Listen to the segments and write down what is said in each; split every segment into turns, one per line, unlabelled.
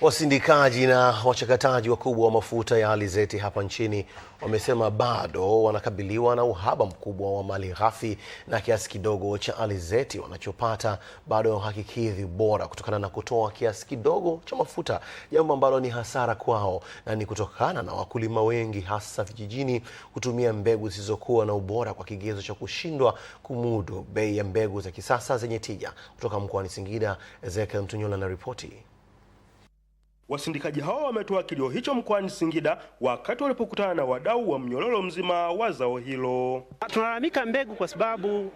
Wasindikaji na wachakataji wakubwa wa mafuta ya alizeti hapa nchini wamesema bado wanakabiliwa na uhaba mkubwa wa mali ghafi na kiasi kidogo cha alizeti wanachopata bado hakikidhi ubora kutokana na kutoa kiasi kidogo cha mafuta, jambo ambalo ni hasara kwao na ni kutokana na wakulima wengi hasa vijijini kutumia mbegu zisizokuwa na ubora kwa kigezo cha kushindwa kumudu bei ya mbegu za kisasa zenye tija. Kutoka mkoani Singida, Ezekiel Mtunyola na ripoti. Wasindikaji hao wametoa kilio hicho mkoani Singida wakati walipokutana na wadau wa mnyororo mzima wa zao hilo.
Tunalalamika mbegu kwa sababu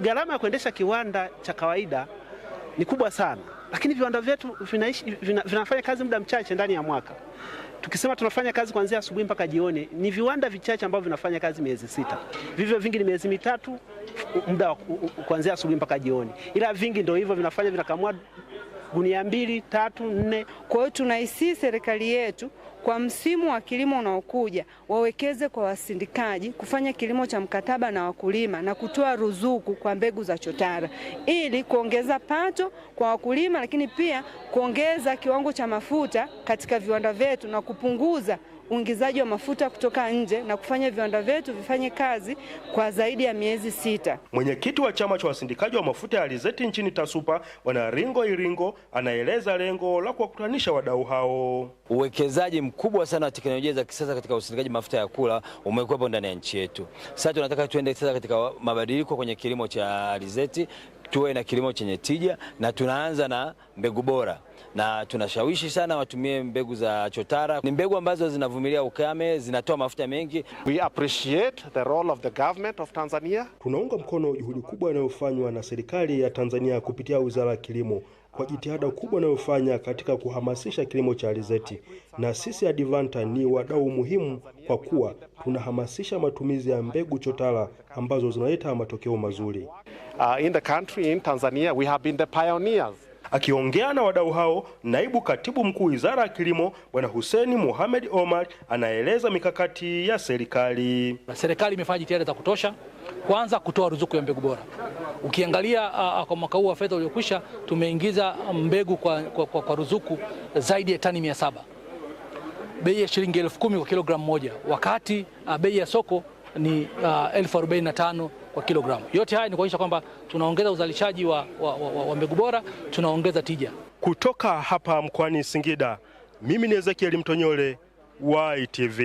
gharama ya kuendesha kiwanda cha kawaida ni kubwa sana, lakini viwanda vyetu vinaishi, vina, vinafanya kazi muda mchache ndani ya mwaka. Tukisema tunafanya kazi kuanzia asubuhi mpaka jioni, ni viwanda vichache ambavyo vinafanya kazi miezi sita, vivyo vingi ni miezi mitatu, muda kuanzia asubuhi mpaka jioni, ila vingi ndio hivyo vinafanya vinakamua gunia mbili, tatu, nne.
Kwa hiyo tunaisii serikali yetu kwa msimu wa kilimo unaokuja wawekeze kwa wasindikaji kufanya kilimo cha mkataba na wakulima na kutoa ruzuku kwa mbegu za chotara ili kuongeza pato kwa wakulima, lakini pia kuongeza kiwango cha mafuta katika viwanda vyetu na kupunguza uingizaji wa mafuta kutoka nje na kufanya viwanda vyetu vifanye kazi kwa zaidi ya miezi sita.
Mwenyekiti wa chama cha wasindikaji wa mafuta ya alizeti nchini TASUPA Bwana Ringo Iringo anaeleza lengo la kuwakutanisha wadau hao.
Uwekezaji mkubwa sana wa teknolojia za kisasa katika usindikaji mafuta ya kula umekuwepo ndani ya nchi yetu. Sasa tunataka tuende sasa katika mabadiliko kwenye kilimo cha alizeti, tuwe na kilimo chenye tija na tunaanza na mbegu bora na tunashawishi sana watumie mbegu za chotara. Ni mbegu ambazo zinavumilia ukame, zinatoa mafuta mengi.
We appreciate the role of the government of Tanzania.
Tunaunga mkono juhudi kubwa inayofanywa na serikali ya Tanzania kupitia Wizara ya Kilimo kwa jitihada kubwa inayofanya katika kuhamasisha kilimo cha alizeti, na sisi Advanta ni wadau muhimu kwa kuwa tunahamasisha matumizi ya mbegu chotara ambazo zinaleta matokeo mazuri.
Uh, in the country in Tanzania we have been the pioneers
Akiongea na wadau hao, naibu katibu mkuu wizara ya kilimo bwana Hussein Mohamed Omar anaeleza mikakati ya serikali.
Serikali imefanya jitihada za kutosha, kwanza kutoa ruzuku ya mbegu bora. Ukiangalia uh, kwa mwaka huu wa fedha uliokwisha tumeingiza mbegu kwa, kwa, kwa, kwa ruzuku zaidi ya tani mia saba bei ya shilingi elfu kumi kwa kilogramu moja wakati uh, bei ya soko ni uh, elfu arobaini na tano kwa kilogramu. Yote haya ni kuonyesha kwamba tunaongeza uzalishaji wa, wa, wa, wa mbegu bora, tunaongeza tija.
Kutoka hapa mkoani Singida, mimi ni Ezekiel Mtonyole wa ITV.